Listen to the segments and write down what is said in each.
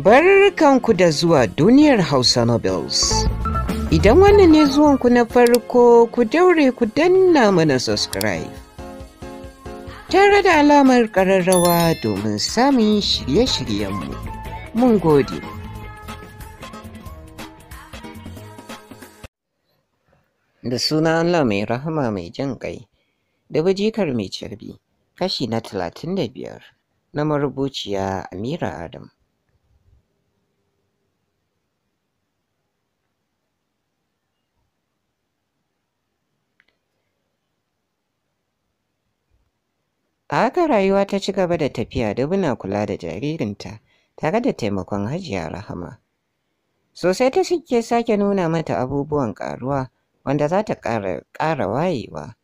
Barkanku da zuwa duniyar Hausa Nobels Idan wannan ne zuwanku na farko ku daure ku danna mana subscribe. Tare da alamar ƙararrawa domin samun shirye-shiryenmu. Mun gode. Da suna Allah mai rahama mai jin ƙai, da bajikar mai carbi, kashi na talatin da biyar na marubuciya Amira Adam. A haka rayuwa ta ci gaba da tafiya Dubna kula da jaririnta tare da taimakon Hajiya Rahama. Sosai ta suke sake nuna mata abubuwan karuwa, wanda za ta ƙara wayewa.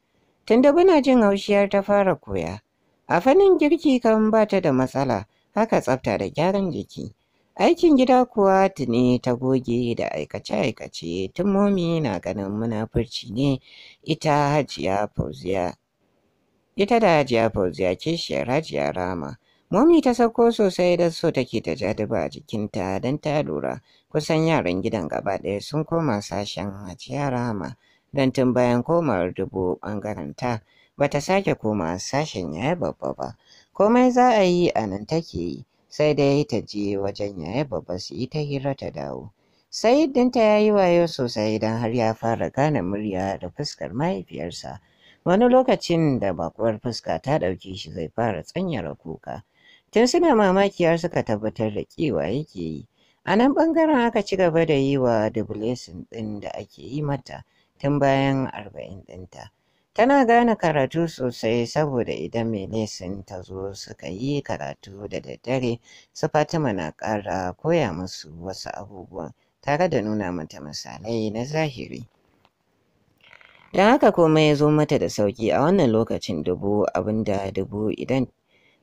Tun Dubna jin haushiyar ta fara koya. A fannin girki kan ba ta da matsala haka tsafta da gyaran jiki. Aikin gida kuwa tuni ta goge da aikace-aikace tun momi na ganin munafurci ne ita hajiya fauziya. ita da hajiya fauziya kishiyar hajiya rama momi ta sauko sosai da so take ta ja duba a jikinta don ta lura kusan yaran gidan gaba ɗaya sun koma sashen hajiya rama don tun bayan komawar dubu ɓangaranta ba ta sake koma sashen yaya babba ba komai za a yi a nan take yi sai dai ta je wajen yaya babba su yi ta hira ta dawo sai dinta ya yi wayo sosai don har ya fara gane murya da fuskar mahaifiyarsa wani lokacin da bakuwar fuska ta ɗauke shi zai fara tsanyar kuka tun suna mamaki har suka tabbatar da kewa yake yi a nan ɓangaren aka ci gaba da yi wa dublessin ɗin da ake yi mata tun bayan arba'in ɗinta tana gane karatu sosai saboda idan mai lesin ta zo suka yi karatu da daddare su fatima na ƙara koya musu wasu abubuwan tare da nuna mata misalai na zahiri Don haka komai ya zo mata da sauki a wannan lokacin dubu abin da dubu idan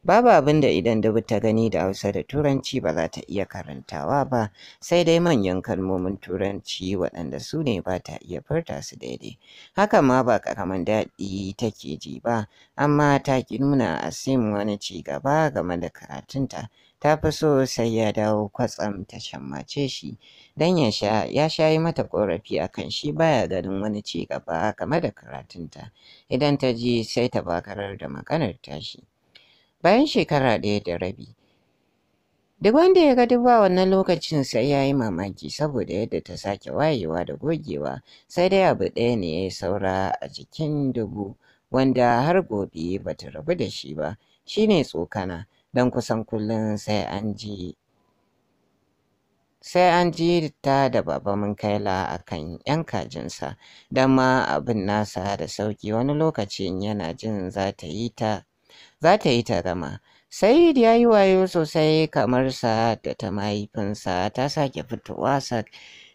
babu abin da idan dubu ta gani da Hausa da Turanci ba za ta iya karantawa ba sai dai manyan kalmomin Turanci waɗanda su ne ba ta iya furta su daidai. Haka ma ba ƙaramin daɗi take ji ba amma ta ƙi nuna sim wani ci gaba game da karatunta ta fi so sai ya dawo kwatsam ta shammace shi don ya sha ya shayi mata korafi a kan shi baya ganin wani ci gaba game da karatunta idan ta ji sai ta bakarar da maganar tashi bayan shekara ɗaya da rabi duk wanda ya ga duba wannan lokacin sai ya yi mamaki saboda yadda ta sake wayewa da gogewa sai dai abu ɗaya ne ya yi saura a jikin dubu wanda har gobe ba ta rabu da shi ba shine tsokana don kusan kullum sai an ji sai an ji ta da baba mun kaila a kan yan kajinsa don ma abin nasa da sauki wani lokacin yana jin za ta yi ta za ta ya yi wayo sosai kamar sa da ta mahaifinsa ta sake fitowa sa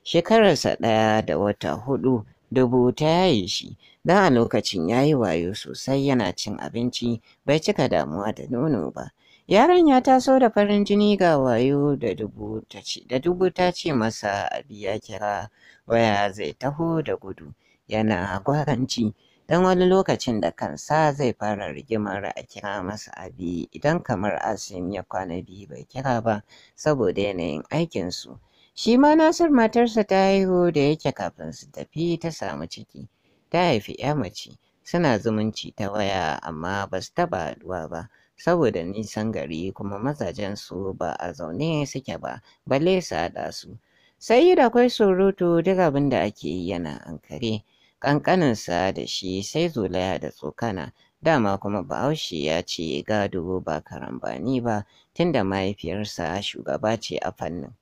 shekararsa ɗaya da wata hudu dubu ta yaye shi don a lokacin ya yi wayo sosai yana cin abinci bai cika damuwa da nono ba Yaron ya taso da farin jini ga wayo da dubu ta ce, da dubu ta ce masa abi ya kira waya zai taho da gudu yana gwaranci dan wani lokacin da kansa zai fara rigimar a kira masa abi idan kamar asim ya kwana biyu bai kira ba saboda yanayin aikinsu. Shi ma Nasir matarsa ta haihu da yake kafin su tafi ta samu ciki, ta haifi 'ya mace, suna zumunci ta waya amma ba su taɓa haɗuwa ba. saboda nisan gari kuma mazajen su ba a zaune suke ba balle su su sai yi da akwai surutu duk abin da ake yi yana ankare ƙanƙaninsa da shi sai zolaya da tsokana dama kuma bahaushe ya ce gado ba karambani ba tunda mahaifiyarsa shugaba ce a fannin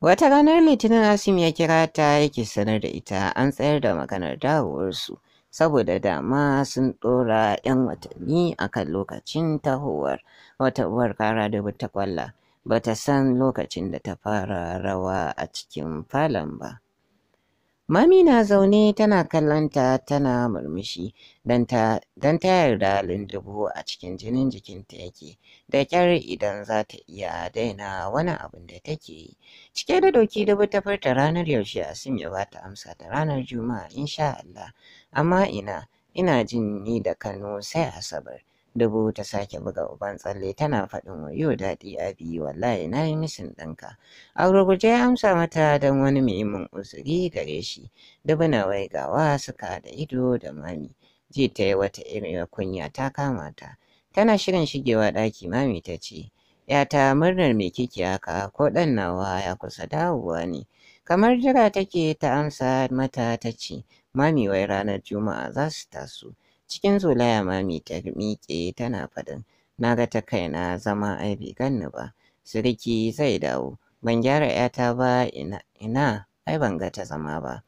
wata ranar litinin asim ya kira ta yake sanar da ita an tsayar da maganar dawowarsu saboda dama sun ɗora 'yan watanni a kan lokacin tahowar wata uwar kara da ta kwalla ba ta san lokacin da ta fara rawa a cikin falon ba. Mami na zaune tana kallonta tana murmushi don ta yarda lindubu a cikin jinin jikinta yake da kyar idan za ta iya daina wani abin da take yi. Cike da doki dubu ta furta ranar yaushe a ya ba ta amsa da ranar Juma'a insha Allah amma ina ina jin ni da Kano sai Asabar. Dubu ta sake buga uban tsalle tana faɗin wayo daɗi a biyu wallahi na yi misin ɗinka. A ya amsa mata don wani muhimmin uzuri gare shi. Dubu na waigawa suka da ido da mami. Ji ta yi wata irin kunya ta kama ta. Tana shirin shigewa ɗaki mami ta ce, ‘yata murnar mai kike haka ko ɗan nawa ya kusa dawowa ne. Kamar jira take ta amsa mata ta ce, Mami wai ranar Juma'a za su taso. Cikin zolaya Mami ta miƙe tana faɗin, na ga ta kaina zama ai bai ni ba. Siriki zai dawo, ban gyara 'yata ba ina, ina ai ban ga ta zama ba.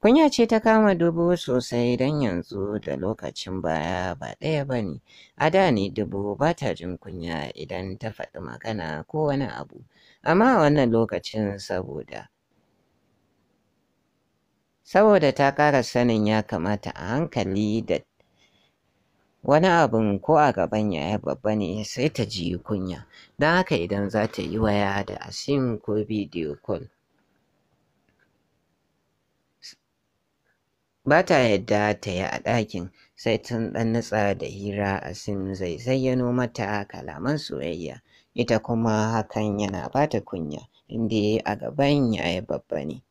Kunya ce ta kama dubu sosai don yanzu da lokacin baya ba ɗaya ba ne. A da ne dubu ba ta jin kunya idan ta faɗi magana ko wani abu. Amma a wannan lokacin saboda saboda ta ƙara sanin ya kamata a hankali da wani abin ko a gaban yi babba ne sai ta ji kunya don haka idan za ta yi waya da asim ko bidiyo call ba ta yadda ta yi a ɗakin sai tun ɗan nutsa da hira asim zai zayyano mata kalaman soyayya ita kuma hakan yana ba ta kunya inda a gaban yi babba ne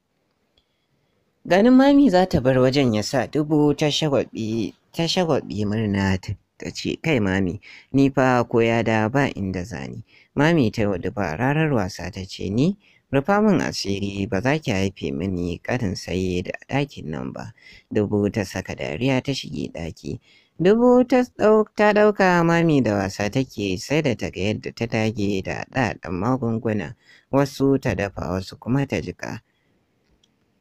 Ganin mami za ta bar wajen ya sa dubu ta shagwabi murna ta ce, Kai mami, ni fa ko ya da ba inda zani. Mami ta yi ba rarar wasa ta ce, Ni, rufa min asiri ba za ki haife mini karin saye da ɗakin nan ba. Dubu ta saka dariya ta shige ɗaki. Dubu ta ɗauka mami da wasa take sai da ta ga yadda ta dage da ɗaɗan magunguna, wasu ta dafa wasu kuma ta jika.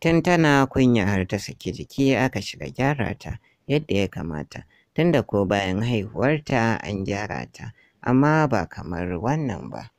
Tun tana kunya har ta saki jiki aka shiga gyara ta yadda ya kamata, tunda ko bayan haihuwarta an gyara ta, amma ba kamar wannan ba.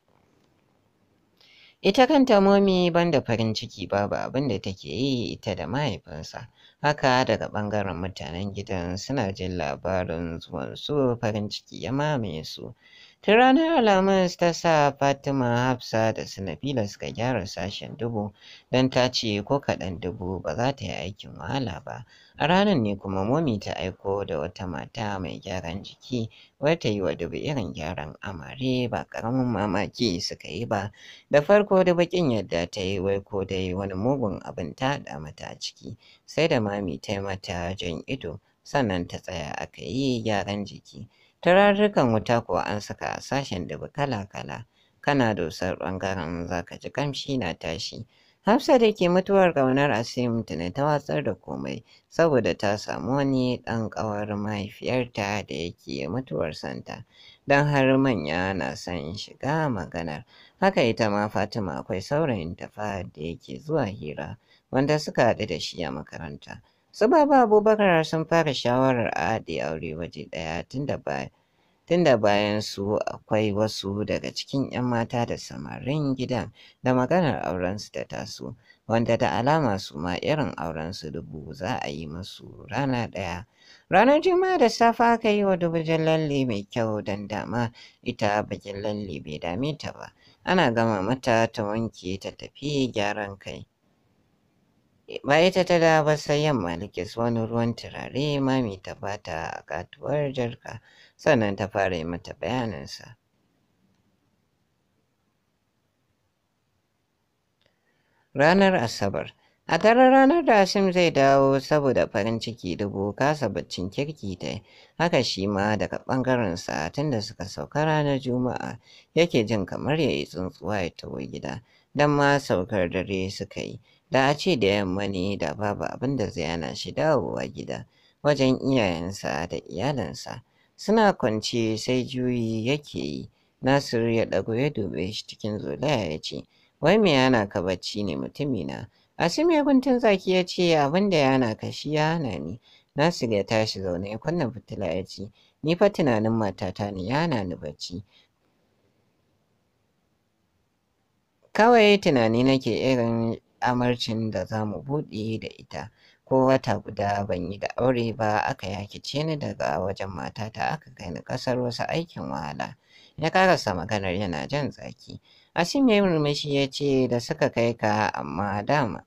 Ita kanta momi banda farin ciki babu abin da take yi ita da mahaifinsa. Haka daga bangaren mutanen gidan suna jin labarin zuwansu farin ciki ya mamaye su. Tun ranar Alhamis ta sa Fatima Hafsa da Sanabila suka gyara sashen dubu don ta ce ko kaɗan dubu ba za ta yi aikin wahala ba. A ranar ne kuma momi ta aiko da wata mata mai gyaran jiki wai ta yi wa dubu irin gyaran amare ba ƙaramin mamaki suka yi ba. Da farko da baƙin yadda ta yi wai ko dai wani mugun abin ta da mata a ciki sai da mami ta yi mata jan ido sannan ta tsaya aka yi gyaran jiki. Turarrukan wuta kuwa an saka a sashen dubu kala-kala, kana dosar ɓangaren za ka ji kamshi na tashi. Hafsa da ke mutuwar ƙaunar Asim tuni ta watsar da komai saboda ta samu wani ɗan ƙawar mahaifiyarta da yake mutuwar santa, don har manya na son shiga maganar. Haka ita ma Fatima akwai saurayin tafa da yake zuwa hira, wanda suka haɗu da shi a makaranta. Su baba Abubakar sun fara shawarar a haɗe aure waje ɗaya tunda bayan bayan su akwai wasu daga cikin 'yan mata da samarin gidan da maganar aurensu da taso wanda da alama su ma irin aurensu dubu za a yi musu rana ɗaya. Ranar Juma'a da safa aka yi wa dubujin lalle mai kyau don dama ita bakin lalle bai dame ta ba. Ana gama mata ta wanke ta tafi gyaran kai. ba ita ta da ba sai yamma likis wani ruwan turare mami ta bata a katuwar jarka sannan ta fara yi mata bayaninsa. Ranar Asabar A daren ranar da Asim zai dawo saboda farin ciki dubu kasa baccin kirki ta haka shi ma daga ɓangarensa tunda suka sauka ranar Juma'a yake jin kamar ya yi tsuntsuwa ya tawo gida don ma saukar dare suka yi Da a ce da yamma ne da babu abin da zai ana shi dawowa gida wajen iyayensa da iyalinsa, Suna kwance sai juyi yake yi. Nasiru ya ɗago ya dube shi cikin zolaya ya ce, Wai me yana ka bacci ne mutumina? Asim ya guntun zaki ya ce abin da yana ka shi ya hana ni. Nasiru ya tashi zaune ya kunna fitila ya ce, Ni fa tunanin matata ne ya hana ni bacci. Kawai tunani nake irin amarcin da za mu buɗe da ita ko wata guda ban yi da aure ba aka yakice ni daga wajen matata aka kai ni ƙasar wasu aikin wahala ya karasa maganar yana jan tsaki asim ya yi murmushi ya ce da suka kai ka amma dama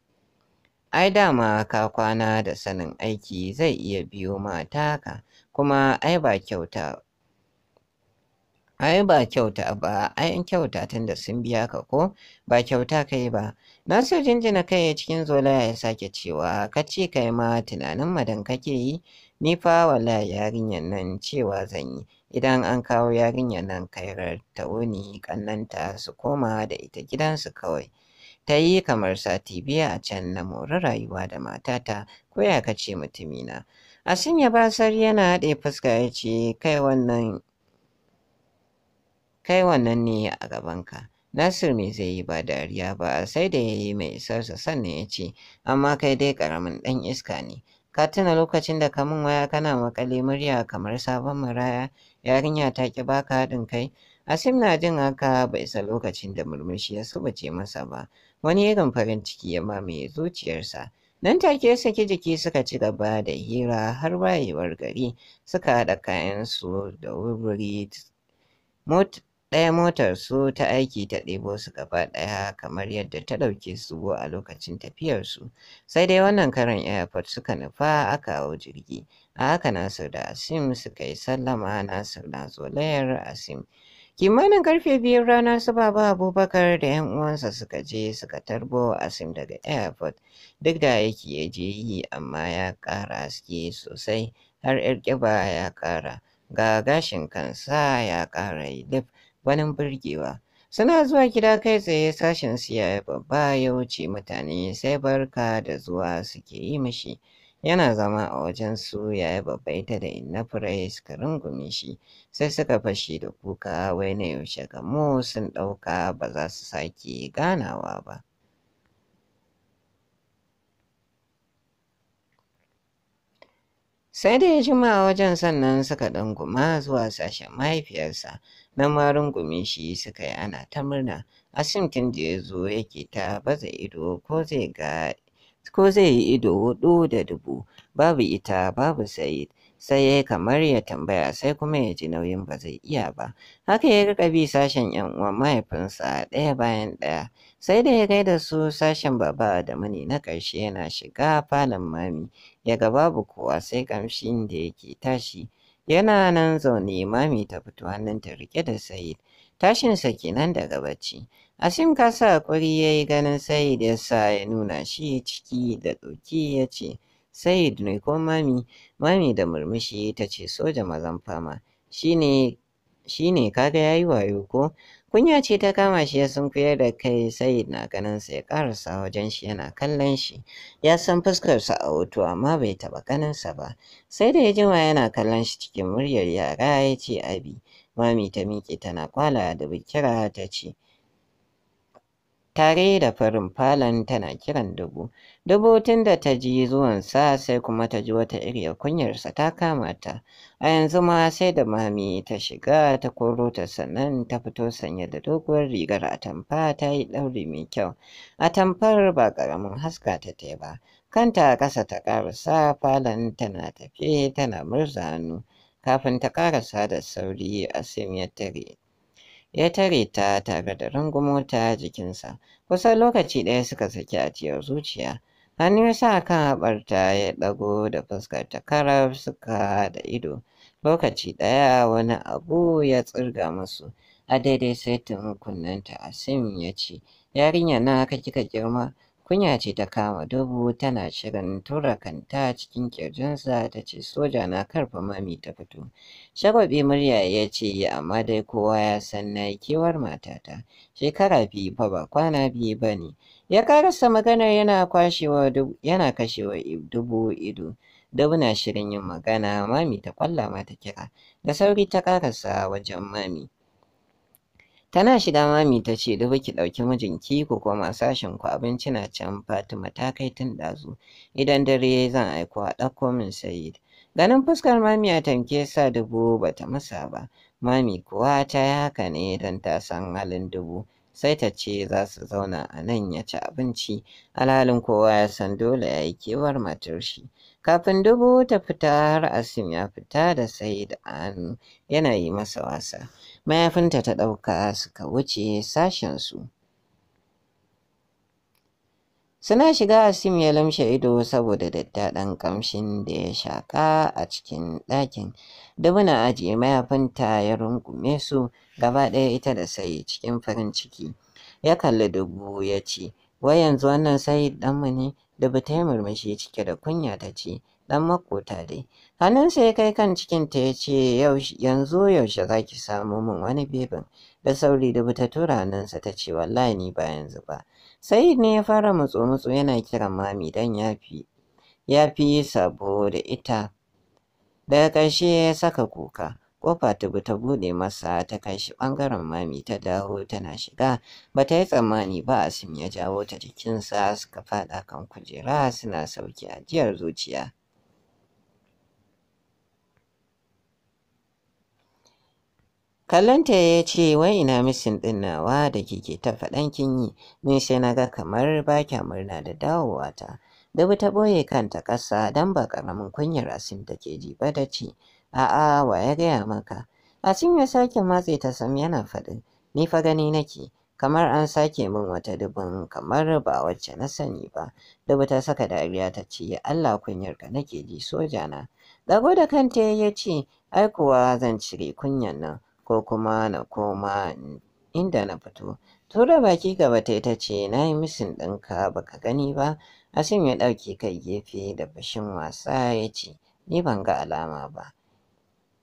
ai dama ka kwana da sanin aiki zai iya biyo mata ka kuma ai ba kyauta Ai ba kyauta ba, ai in kyauta tun da sun biya ka ko ba kyauta ka yi ba. Na so jinjina kai ya cikin zolaya ya sake cewa ka ce ka yi ma tunanin madan kake yi ni fa wala yarinyar nan cewa zan yi idan an kawo yarinyar nan kairar ta wuni kannanta su koma da ita gidansu kawai. Ta yi kamar sati biya a can na mori rayuwa da matata ko ya kace mutumina. Asin ya basar yana haɗe fuska ya ce kai wannan kai wannan ne a gabanka. Nasir me zai yi ba dariya ba sai da ya yi mai isarsa sannan ya ce, amma kai dai karamin ɗan iska ne. Ka tuna lokacin da ka mun waya kana makale murya kamar sabon maraya, yarinya ta ki baka haɗin kai. Asim na jin haka bai isa lokacin da murmushi ya subace masa ba, wani irin farin ciki ya mamaye zuciyarsa. Nan take saki jiki suka ci gaba da hira har wayewar gari suka haɗa kayan su da wuri ɗaya motar su ta aiki ta ɗebo su gaba ɗaya kamar yadda ta ɗauke su a lokacin tafiyarsu. sai dai wannan karin airport suka nufa aka hau jirgi a haka nasir da asim suka yi sallama nasir na zolayar asim kimanin karfe biyar rana su ba ba abubakar da yan uwansa suka je suka tarbo asim daga airport duk da aiki ya je yi amma ya ƙara aske sosai har yar ƙiba ya ƙara ga gashin kansa ya ƙara yi lif gwanin birgewa, Suna zuwa gida kai tsaye sashen siya babba ya wuce mutane sai barka da zuwa suke yi mashi. Yana zama a wajen su yi babba ita da inna furai suka rungume shi sai suka fashe da kuka wai na yaushe gamo sun ɗauka ba za su sake ganawa ba. Sai da ya jima wajen sannan suka ɗanguma zuwa sashen mahaifiyarsa, na ma rungume shi suka yi ana ta murna. Asim tun da ya zo yake ta baza ido ko zai yi ido hudu da dubu babu ita babu said sai ya kamar ya tambaya sai kuma ya ji nauyin ba zai iya ba haka ya rika bi sashen yan uwan mahaifinsa ɗaya bayan ɗaya sai da ya gaida su sashen baba da mani na ƙarshe yana shiga falon mami ya babu kowa sai kamshin da yake tashi. Yana nan zaune mami ta fito hannun ta rike da Sayid. Tashinsa kenan daga bacci. Asim ka sa hakuri ya yi ganin Sayid ya sa ya nuna shi ciki da ɗoki ya ce, Sayid ne ko mami, mami da murmushi ta ce soja mazan fama, shi ne kaga ya yi wayo ko Kunya ce ta kama shi ya sunkuyar da kai sai na ganin sai ya karasa wajen shi yana kallon shi. Ya san fuskarsa a hoto amma bai taɓa ganinsa ba. Sai da ya jima yana kallon shi cikin muryar yara ya ce abi. Mami ta miƙe tana kwala da bikira ta ce tare da farin falon tana kiran dubu. Dubu tun da ta ji zuwansa sai kuma ta ji wata irya kunyarsa ta kama ta. A yanzu ma sai da mami ta shiga ta koro ta sannan ta fito sanye da doguwar rigar atamfa ta yi ɗauri mai kyau. Atamfar ba ƙaramin haska ta ta ba. Kanta ƙasa ta ƙarasa falon tana tafe tana murza hannu. Kafin ta ƙarasa da sauri a ya tare ya tare ta tare da rungumo ta jikinsa kusan lokaci ɗaya suka saki a ciyar zuciya hannu ya sa kan haɓarta ya ɗago da fuskar ta karar suka da ido lokaci ɗaya wani abu ya tsirga musu a daidai sai saitin kunnenta asim ya ce yarinya na kika girma Kunya ce ta kama dubu tana shirin tura kanta cikin kirjinsa ta ce soja na karfa mami ta fito. Shagwabi murya ya ce amma dai kowa ya san na kewar matata. Shekara biyu fa ba kwana biyu ba ne. Ya karasa maganar yana yana kashewa dubu ido. Dubu na shirin yin magana mami ta kwalla mata kira. Da sauri ta karasa wajen mami. Tana shiga mami ta ce dubu ki ɗauki mijinki ko kuma sashen ku abinci na can Fatima ta kai tun ɗazu idan dare yayi zan aiko a ɗauko min Sayid. Ganin fuskar mami ya tamke sa dubu bata masa ba. Mami kuwa ta yi haka ne don ta san halin dubu. Sai ta ce za su zauna a nan ya ci abinci, alhalin kowa ya san dole ya yi kewar matar shi. Kafin dubu ta fita har Asim ya fita da Said a hannu yana yi masa wasa. mayafinta ta ɗauka suka wuce sashensu. Suna shiga Asim ya lamshe ido saboda daddaɗan ƙamshin da ya shaƙa a cikin ɗakin. da muna ajiye mayafinta ya rungume su gaba ɗaya ita da sai cikin farin ciki. Ya kalli dubu ya ce, wai yanzu wannan sai ɗanmu ne? Dubu ta yi murmushi cike da kunya ta ce, ɗan makota dai. hannunsa ya kai kan cikinta ya ce yanzu yaushe za ki samu min wani bebin da sauri da buta tura hannunsa ta ce wallahi ni ba yanzu ba sai ne ya fara mutsu-mutsu yana kiran mami don ya fi sabo da ita daga ƙarshe ya saka kuka kofa tubu ta buɗe masa ta kai shi ɓangaren mami ta dawo tana shiga ba ta yi tsammani ba asim ya jawo ta jikinsa suka faɗa kan kujera suna sauki ajiyar zuciya Kallonta ya ce wai ina misin ɗin nawa da kike ta faɗan kin yi, ni sai na ga kamar ba kya murna da dawowa ta. Dubu ta ɓoye kanta ƙasa don ba ƙaramin kunyar Asim take ji ba da ce, a'a wa ya gaya maka. Asim ya sake matse ta sam yana faɗi, ni fa gani nake, kamar an sake min wata dubin kamar ba wacce na sani ba. Dubu ta saka dariya ta ce, Allah kunyar ka nake ji soja na Dago da kanta ya ce, ai kuwa zan cire kunyan nan. ko kuma na koma inda na fito. Tura baki gaba ta ita ce na yi misin ɗinka ba ka gani ba, asin ya ɗauki kai gefe da fashin wasa ya ce ni ban ga alama ba.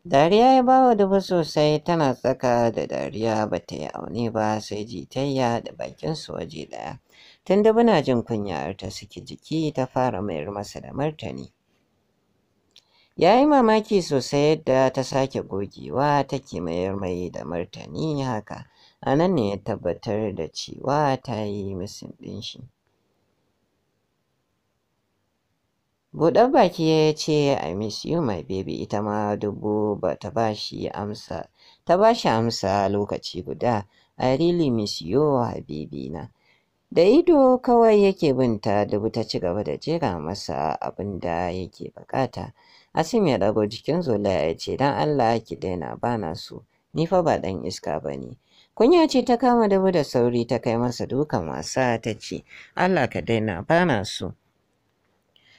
Dariya ya bawa dubu sosai tana tsaka da dariya ba ta yi aune ba sai jitayya da bakin su waje ɗaya. Tun Dubu na jin kunyar ta suke jiki ta fara mayar masa da martani. ya yi mamaki sosai yadda ta sake gogewa take mayar mai da martani haka a nan ne ya tabbatar da cewa ta yi musun ɗin shi buɗar baki ya ce i miss you my baby ita ma dubu ba ta ba shi amsa ta ba shi amsa lokaci guda i really miss you habibi na da ido kawai yake binta dubu ta ci gaba da jira masa abin da yake bukata Asim ya ɗago jikin zolaya ya ce, Don Allah ki daina ba na so, ni fa ba ɗan iska ba ne. Kunya ce ta kama dabu da sauri ta kai masa dukan wasa ta ce, Allah ka daina ba na so.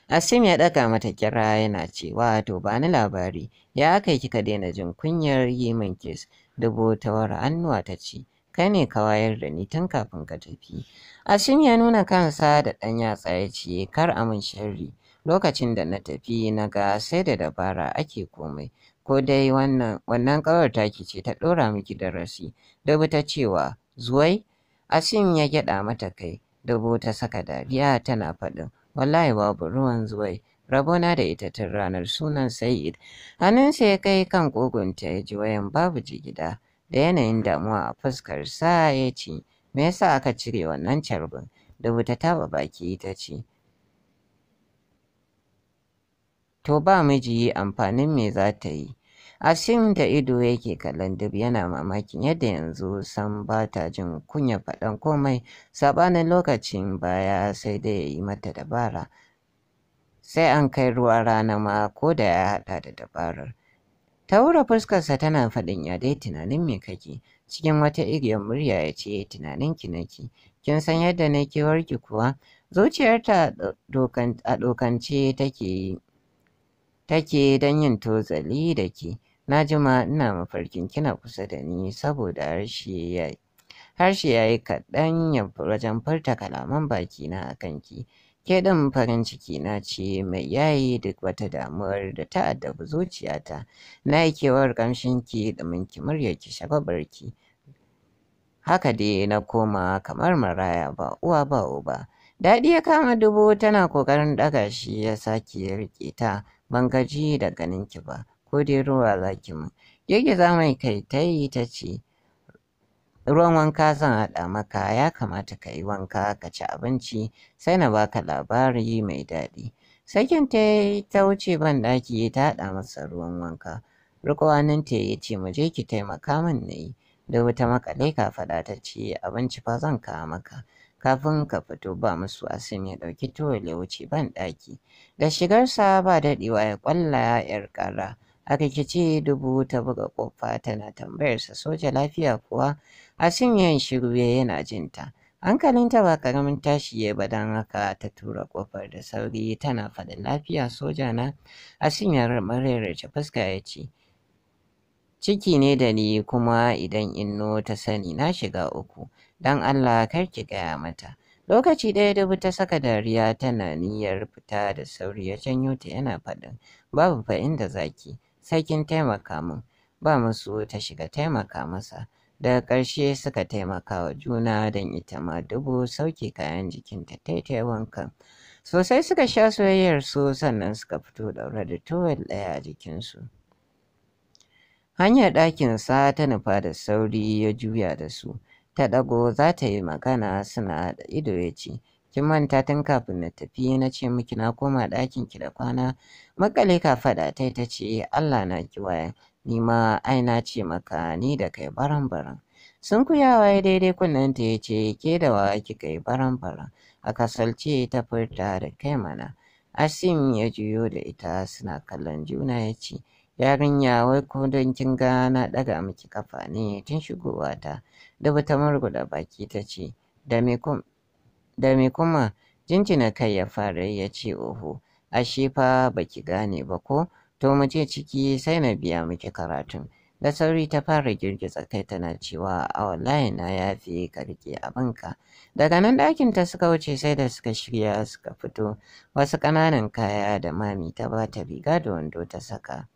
Asim ya ɗaga mata kira yana cewa to ba ni labari ya kai kika daina jin kunyar yi min kes dubu tawar annuwa ta ce kai ne ka wayar da ni tun kafin ka tafi. Asim ya nuna kansa da ɗan yatsa ya ce kar a min sharri Lokacin da na tafi na ga sai da dabara ake komai, ko dai wannan wannan ƙawar taki ce ta ɗora miki darasi, Dabu ta cewa zuwai, Asin ya gyaɗa mata kai, Dabu ta saka dariya tana faɗin, wallahi babu ruwan zuwai, rabona da ita tun ranar sunan sayid Hannunsa ya kai kan ƙugunta ya ji wayan babu jigida da yanayin damuwa a fuskar sa ya ce, me yasa aka cire wannan carbin? Da ta taba baki ita ce, to ba miji amfanin me za ta yi. cikin da ido yake kallon dub yana mamakin yadda yanzu sam ba ta jin kunya faɗan komai saɓanin lokacin baya sai dai ya yi mata dabara. Sai an kai ruwa rana ma ko da ya haɗa da dabarar. Taura fuskarsa tana faɗin ya dai tunanin me kake cikin wata igiyar murya ya ce tunanin ki nake kin san yadda na warki kuwa zuciyarta a dokance take yi take don yin tozali da ke. Na jima ina mafarkin kina kusa da ni saboda harshe ya yi. kaɗan ya wajen furta kalaman baki na a kanki. Ke ɗin farin ciki na ce mai yayi duk wata damuwar da ta addabi zuciyata. Na yi kewar ƙamshinki da minki muryarki shababarki. Haka dai na koma kamar maraya ba uwa ba uba. Daɗi ya kama dubu tana ƙoƙarin ɗaga shi ya sake riƙe ta ban gaji da ganin ki ba ko dai ruwa za ki min girgiza mai kai ta yi ta ce ruwan wanka zan haɗa maka ya kamata ka yi wanka ka ci abinci sai na baka labari mai daɗi sakin ta ta wuce ban ɗaki ta haɗa masa ruwan wanka rikowanin ta ya ce mu je ki taimaka min na yi da wuta makale ka faɗa ta ce abinci fa zan kawo maka kafin ka fito ba musu asim ya ɗauki towel ya wuce ban ɗaki da shigarsa ba daɗewa ya ƙwalla yar ƙara a rikici dubu ta buga ƙofa tana tambayarsa soja lafiya kuwa asim yin shiru yana jinta hankalinta ba ƙaramin tashi ya ba don haka ta tura ƙofar da sauri tana faɗin lafiya soja na asim ya mararce fuska ya ce ciki ne da ni kuma idan inno ta sani na shiga uku don Allah kar ki gaya mata. Lokaci ɗaya dubu ta saka dariya tana niyyar fita da sauri ya canyo ta yana faɗin babu fa inda zaki sai kin taimaka mun ba musu ta shiga taimaka masa. Daga ƙarshe suka taimaka wa juna don ita ma dubu sauke kayan jikinta taitai wankan. Sosai suka sha soyayyar su sannan suka fito ɗaure da towel ɗaya a jikinsu. Hanyar ɗakinsa ta nufa da sauri ya juya da su. ta ɗago za ta yi magana suna da ido ya ce kin manta tun kafin na tafi na ce miki na koma ɗakin ki da kwana makale ka faɗa tai ta ce Allah na ki waya ni ma ai na ce maka ni da kai baran baran sun ku ya daidai kunnen ta ya ce ke da wa kika yi baran baran a kasalce ta furta da kai mana Asim ya juyo da ita suna kallon juna ya ce Yarinya wai ko don kin ga na ɗaga miki kafa ne tun shigowata. Da bata murguɗa baki ta ce, da me kuma jinjina kai ya fara ya ce oho, ashe fa baki gane ba ko? To mu je ciki sai na biya miki karatun. Da sauri ta fara girgiza kai tana cewa a wallahi na yafe ka rike abinka. Daga nan ɗakin ta suka wuce sai da suka shirya suka fito wasu ƙananan kaya da mami ta bata riga da wando ta saka.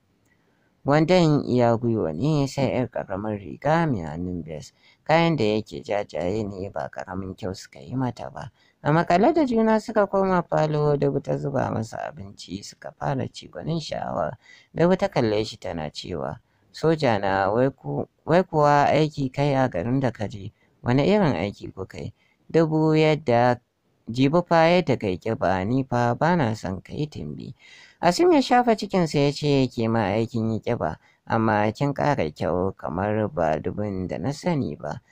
Wannan ya gwiwa ne sai 'yar ƙaramar riga mai hannun bes. Kayan da yake jajaye ne ba ƙaramin kyau suka yi mata ba. A makale da juna suka koma falo da ta zuba masa abinci suka fara ci gwanin sha'awa. Da ta kalle shi tana cewa, Soja na wai kuwa aiki kai a garin da kaje, wani irin aiki kuka yi? Dubu yadda jibi fa yadda kai ƙiba ni fa na son kai timbi. Asim ya shafa cikinsa ya ce ke ma aikin yi ƙiba, amma kin ƙara kyau kamar ba dubin da na sani ba.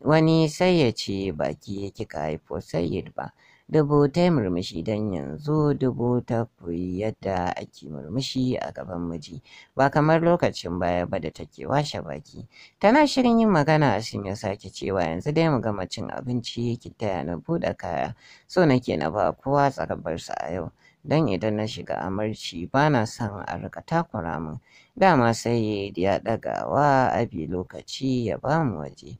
Wani sai ya ce baki kika haifo sayid ba, dubu ta murmushi don yanzu dubu ta kuyi yadda ake murmushi a gaban miji, ba kamar lokacin baya ba da take washe baki. Tana shirin yin magana Asim ya sake cewa yanzu dai mu gama cin abinci ki taya na buɗe kaya, so nake na ba kowa tsarabarsa a yau. don idan na shiga amarci ba na son a rika takura min dama sai ya ɗaga wa abi lokaci ya ba mu waje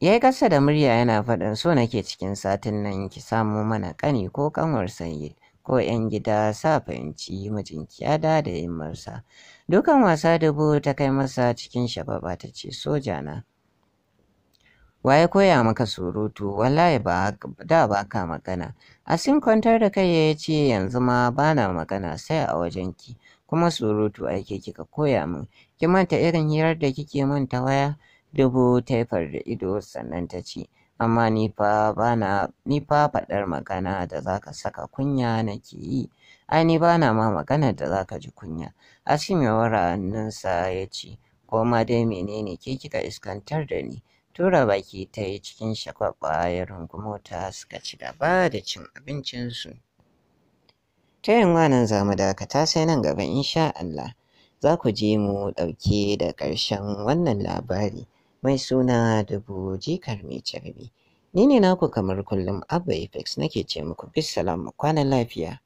ya yi ƙasa da murya yana faɗin so nake cikin satin nan ki samo mana ƙani ko ƙanwar sanyi ko 'yan gida sa fahimci mijinki ya da da yin dukan wasa dubu ta kai masa cikin shababa ta ce soja na Wa ya koya maka surutu wallahi ba da ba ka magana asin kwantar da kai ya ce yanzu ma bana magana sai a wajen ki. kuma surutu aiki kika koya min ki manta irin hirar da kike min ta waya dubu taifar da ido sannan ta ce amma ni fa bana ni fa faɗar magana da zaka saka kunya nake yi ai ni bana ma magana da zaka ji kunya asim ya wara hannunsa ya ce ko dai menene ke kika iskantar da ni tura baki ta yi cikin shagwaba ya rungumota suka ci gaba da cin abincinsu ta yin nan za mu dakata sai nan gaba insha Allah za ku je mu ɗauke da ƙarshen wannan labari mai suna dubu jikar mai carbi ni ne naku kamar kullum abba apex nake ce muku bisalamu kwanan lafiya